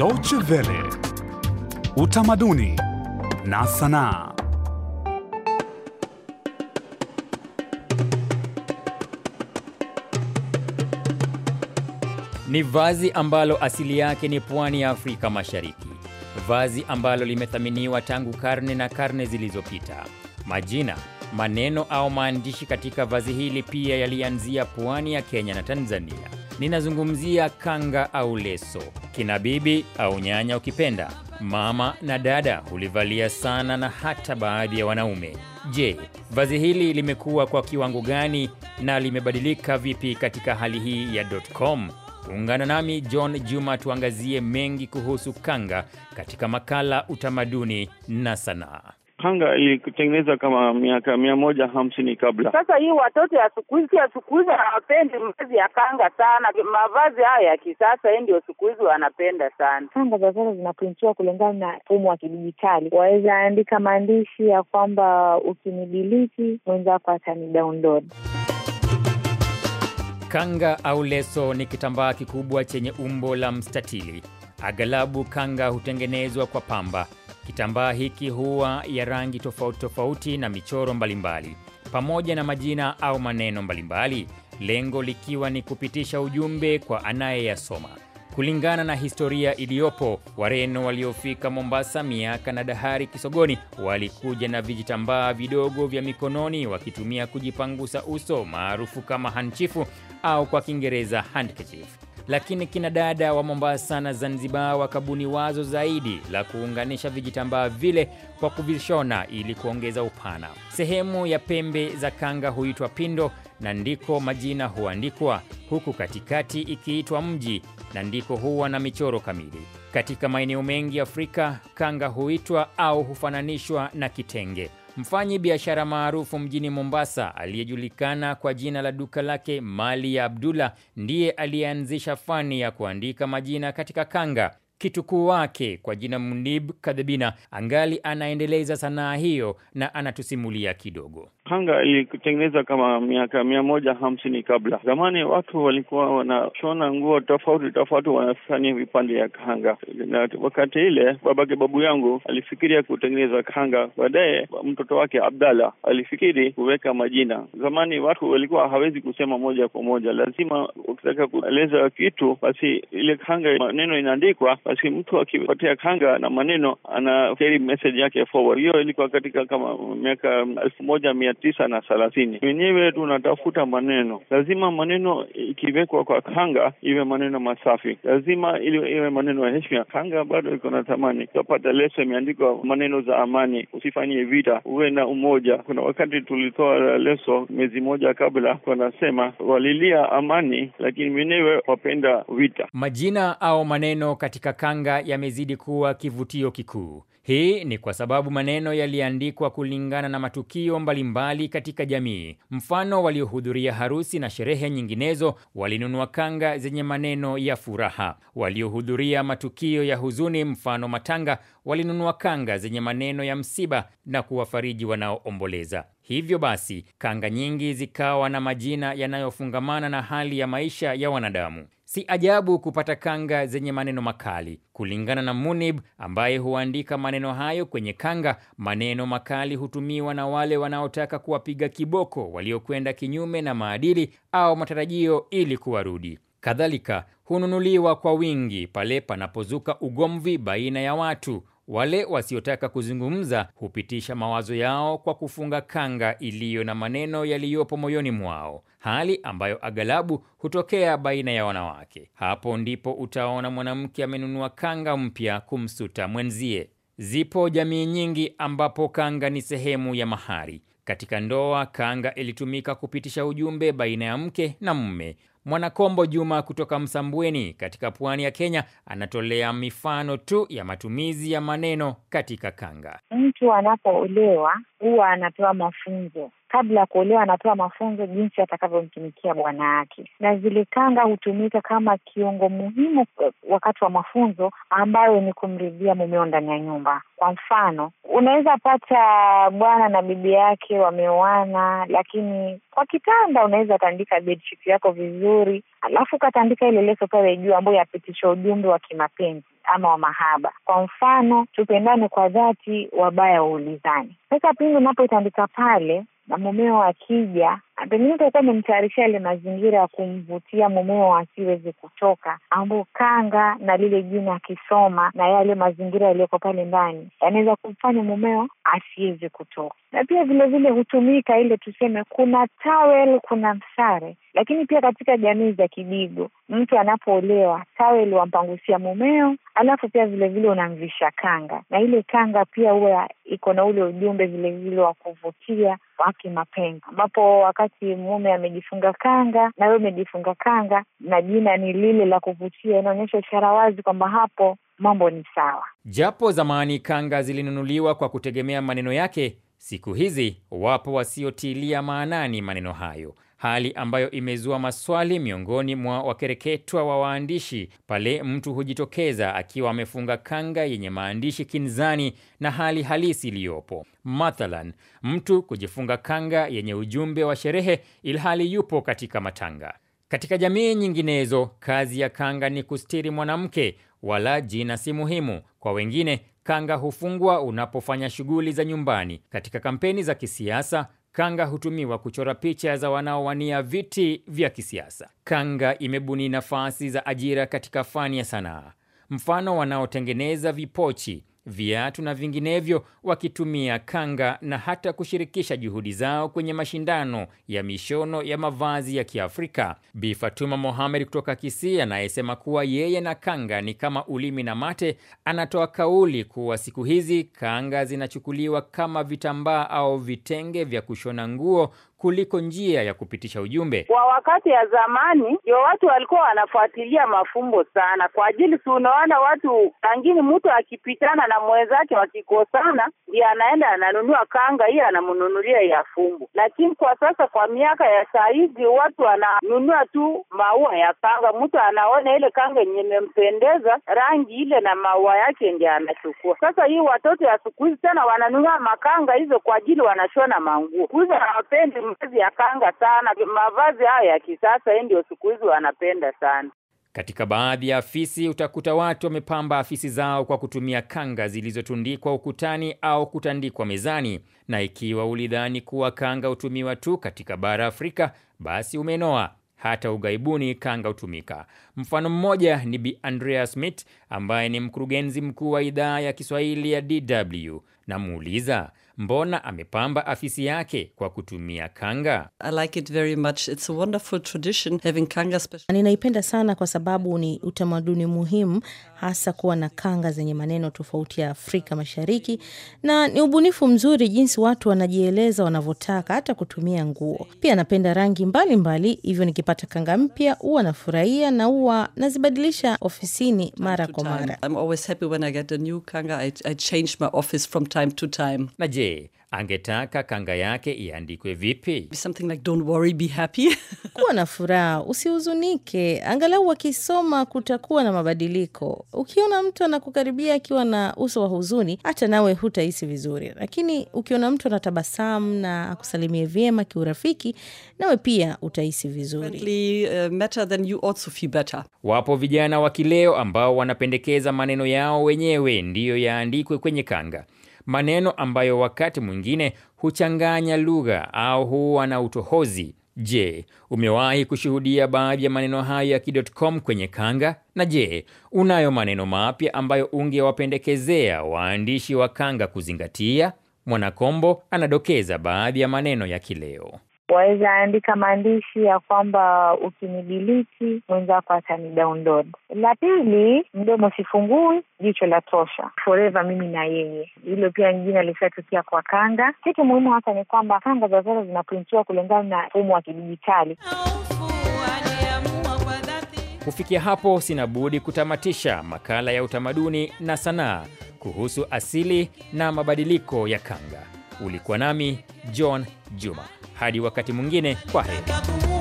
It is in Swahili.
Deutsche Welle, utamaduni na sanaa. Ni vazi ambalo asili yake ni pwani ya Afrika Mashariki, vazi ambalo limethaminiwa tangu karne na karne zilizopita. Majina, maneno au maandishi katika vazi hili pia yalianzia pwani ya Kenya na Tanzania. Ninazungumzia kanga au leso, kina bibi au nyanya ukipenda, mama na dada hulivalia sana na hata baadhi ya wanaume. Je, vazi hili limekuwa kwa kiwango gani na limebadilika vipi katika hali hii ya .com? Ungana nami John Juma tuangazie mengi kuhusu kanga katika makala Utamaduni na Sanaa kanga ilitengenezwa kama miaka mia moja hamsini kabla. Sasa hii watoto ya siku hizi ya siku hizi hawapendi mavazi ya kanga sana, mavazi haya ya kisasa, hii ndio siku hizi wanapenda sana. Kanga za sasa zinaprintiwa kulingana na mfumo wa kidijitali, waweza andika maandishi ya kwamba ukinibiliki mwenzako atanidownload. Kanga au leso ni kitambaa kikubwa chenye umbo la mstatili. Aghalabu kanga hutengenezwa kwa pamba Kitambaa hiki huwa ya rangi tofauti tofauti na michoro mbalimbali mbali, pamoja na majina au maneno mbalimbali mbali, lengo likiwa ni kupitisha ujumbe kwa anayeyasoma. Kulingana na historia iliyopo, Wareno waliofika Mombasa miaka na dahari kisogoni walikuja na vijitambaa vidogo vya mikononi wakitumia kujipangusa uso maarufu kama hanchifu au kwa Kiingereza handkerchief lakini kina dada wa Mombasa na Zanzibar wakabuni wazo zaidi la kuunganisha vijitambaa vile kwa kuvishona ili kuongeza upana. Sehemu ya pembe za kanga huitwa pindo na ndiko majina huandikwa, huku katikati ikiitwa mji na ndiko huwa na michoro kamili. Katika maeneo mengi Afrika, kanga huitwa au hufananishwa na kitenge. Mfanyi biashara maarufu mjini Mombasa aliyejulikana kwa jina la duka lake Mali ya Abdullah ndiye aliyeanzisha fani ya kuandika majina katika kanga. Kitukuu wake kwa jina Munib Kadhibina angali anaendeleza sanaa hiyo na anatusimulia kidogo. Panga ilitengenezwa kama miaka mia moja hamsini kabla. Zamani watu walikuwa wanashona nguo tofauti tofauti, wanasania vipande ya kanga, na wakati ile babake babu yangu alifikiria kutengeneza kanga. Baadaye mtoto wake Abdalla alifikiri kuweka majina. Zamani watu walikuwa hawezi kusema moja kwa moja, lazima ukitaka kueleza kitu, basi ile kanga maneno inaandikwa, basi mtu akipatia kanga na maneno ana carry message yake forward. Hiyo ilikuwa katika kama miaka elfu moja mia tisa na thelathini. Wenyewe tunatafuta maneno, lazima maneno ikiwekwa kwa kanga iwe maneno masafi, lazima iwe maneno ya heshima. Kanga bado iko na thamani. Utapata leso imeandikwa maneno za amani, usifanyie vita, uwe na umoja. Kuna wakati tulitoa leso mezi moja kabla, wanasema walilia amani, lakini wenyewe wapenda vita. Majina au maneno katika kanga yamezidi kuwa kivutio kikuu. Hii ni kwa sababu maneno yaliandikwa kulingana na matukio mbalimbali katika jamii. Mfano, waliohudhuria harusi na sherehe nyinginezo walinunua kanga zenye maneno ya furaha. Waliohudhuria matukio ya huzuni, mfano matanga, walinunua kanga zenye maneno ya msiba na kuwafariji wanaoomboleza. Hivyo basi, kanga nyingi zikawa na majina yanayofungamana na hali ya maisha ya wanadamu. Si ajabu kupata kanga zenye maneno makali. Kulingana na Munib ambaye huandika maneno hayo kwenye kanga, maneno makali hutumiwa na wale wanaotaka kuwapiga kiboko waliokwenda kinyume na maadili au matarajio ili kuwarudi. Kadhalika hununuliwa kwa wingi pale panapozuka ugomvi baina ya watu. Wale wasiotaka kuzungumza hupitisha mawazo yao kwa kufunga kanga iliyo na maneno yaliyopo moyoni mwao, hali ambayo aghalabu hutokea baina ya wanawake. Hapo ndipo utaona mwanamke amenunua kanga mpya kumsuta mwenzie. Zipo jamii nyingi ambapo kanga ni sehemu ya mahari. Katika ndoa, kanga ilitumika kupitisha ujumbe baina ya mke na mume. Mwanakombo Juma kutoka Msambweni katika pwani ya Kenya anatolea mifano tu ya matumizi ya maneno katika kanga. Mtu anapoolewa huwa anapewa mafunzo kabla ya kuolewa, anapewa mafunzo jinsi atakavyomtumikia bwana wake, na zile kanga hutumika kama kiungo muhimu wakati wa mafunzo, ambayo ni kumridhia mumeo ndani ya nyumba. Kwa mfano, unaweza pata bwana na bibi yake wameoana, lakini kwa kitanda unaweza tandika bedsheet yako vizuri vizuri, alafu ukatandika ile leso pale juu ambayo yapitisha ujumbe wa kimapenzi ama wa mahaba. Kwa mfano, tupendane kwa dhati, wabaya waulizani. Sasa pindi unapotandika pale na mumeo akija pengine utakuwa umemtayarishia yale mazingira ya kumvutia mumeo asiweze kutoka, ambao kanga na lile jina akisoma na yale mazingira yaliyoko pale ndani yanaweza kumfanya mumeo asiweze kutoka. Na pia vilevile hutumika ile tuseme, kuna tawel, kuna msare lakini pia katika jamii za Kidigo mtu anapoolewa taweli wampangusia mumeo, alafu pia vilevile unamvisha kanga, na ile kanga pia huwa iko na ule ujumbe vilevile wa kuvutia wa kimapenzi, ambapo wakati wakati mume amejifunga kanga na wewe umejifunga kanga na jina ni lile la kuvutia, inaonyesha ishara wazi kwamba hapo mambo ni sawa. Japo zamani kanga zilinunuliwa kwa kutegemea maneno yake, siku hizi wapo wasiotilia maanani maneno hayo hali ambayo imezua maswali miongoni mwa wakereketwa wa waandishi pale mtu hujitokeza akiwa amefunga kanga yenye maandishi kinzani na hali halisi iliyopo. Mathalan, mtu kujifunga kanga yenye ujumbe wa sherehe ilhali yupo katika matanga. Katika jamii nyinginezo, kazi ya kanga ni kustiri mwanamke, wala jina si muhimu kwa wengine. Kanga hufungwa unapofanya shughuli za nyumbani, katika kampeni za kisiasa Kanga hutumiwa kuchora picha za wanaowania viti vya kisiasa. Kanga imebuni nafasi za ajira katika fani ya sanaa, mfano wanaotengeneza vipochi viatu na vinginevyo, wakitumia kanga na hata kushirikisha juhudi zao kwenye mashindano ya mishono ya mavazi ya Kiafrika. Bi Fatuma Mohamed kutoka Kisii, anayesema kuwa yeye na kanga ni kama ulimi na mate, anatoa kauli kuwa siku hizi kanga zinachukuliwa kama vitambaa au vitenge vya kushona nguo kuliko njia ya kupitisha ujumbe. Kwa wakati ya zamani ndio watu walikuwa wanafuatilia mafumbo sana, kwa ajili si unaona watu wengine, mtu akipitana na mwenzake wakikosana, ndiye anaenda ananunua kanga, hiyo anamnunulia ya fumbu, Lakini kwa sasa, kwa miaka ya saizi, watu wananunua tu maua ya kanga. Mtu anaona ile kanga yenye imempendeza, rangi ile na maua yake, ndiye anachukua. Sasa hii watoto ya siku hizi tena wananunua makanga hizo kwa ajili wanashona manguo. Kuza hawapendi mavazi ya kanga sana, mavazi hayo ya kisasa, hii ndio siku hizi wanapenda sana. Katika baadhi ya afisi utakuta watu wamepamba afisi zao kwa kutumia kanga zilizotundikwa ukutani au kutandikwa mezani, na ikiwa ulidhani kuwa kanga hutumiwa tu katika bara Afrika, basi umenoa. Hata ughaibuni kanga hutumika. Mfano mmoja ni Bi Andrea Smith ambaye ni mkurugenzi mkuu wa idhaa ya Kiswahili ya DW. Namuuliza, mbona amepamba afisi yake kwa kutumia kanga? I like it very much. It's a wonderful tradition having kanga special. Ninaipenda sana kwa sababu ni utamaduni muhimu, hasa kuwa na kanga zenye maneno tofauti ya Afrika Mashariki, na ni ubunifu mzuri jinsi watu wanajieleza wanavyotaka, hata kutumia nguo. Pia napenda rangi mbalimbali, hivyo nikipata kanga mpya huwa nafurahia na huwa nazibadilisha ofisini mara kwa mara. Na je, angetaka kanga yake iandikwe vipi? Something like don't worry be happy. Kuwa na furaha, usihuzunike, angalau wakisoma kutakuwa na mabadiliko. Ukiona mtu anakukaribia akiwa na uso wa huzuni, hata nawe hutahisi vizuri, lakini ukiona mtu anatabasamu na akusalimie vyema kiurafiki, nawe pia utahisi vizuri. Uh, you also feel better. Wapo vijana wa kileo ambao wanapendekeza maneno yao wenyewe ndiyo yaandikwe kwenye kanga maneno ambayo wakati mwingine huchanganya lugha au huwa na utohozi. Je, umewahi kushuhudia baadhi ya maneno hayo ya ki.com kwenye kanga? Na je, unayo maneno mapya ambayo ungewapendekezea waandishi wa kanga kuzingatia? Mwanakombo anadokeza baadhi ya maneno ya kileo waweza andika maandishi ya kwamba ukinibiliki mwenzako atanidownload. La pili, mdomo sifungui, jicho la tosha, forever mimi na yeye. Hilo pia jina alishatukia kwa kanga. Kitu muhimu hasa ni kwamba kanga za sasa zinaprintiwa kulingana na mfumo wa kidijitali. Kufikia hapo, sina budi kutamatisha makala ya utamaduni na sanaa kuhusu asili na mabadiliko ya kanga. Ulikuwa nami John Juma. Hadi wakati mwingine, kwa heri.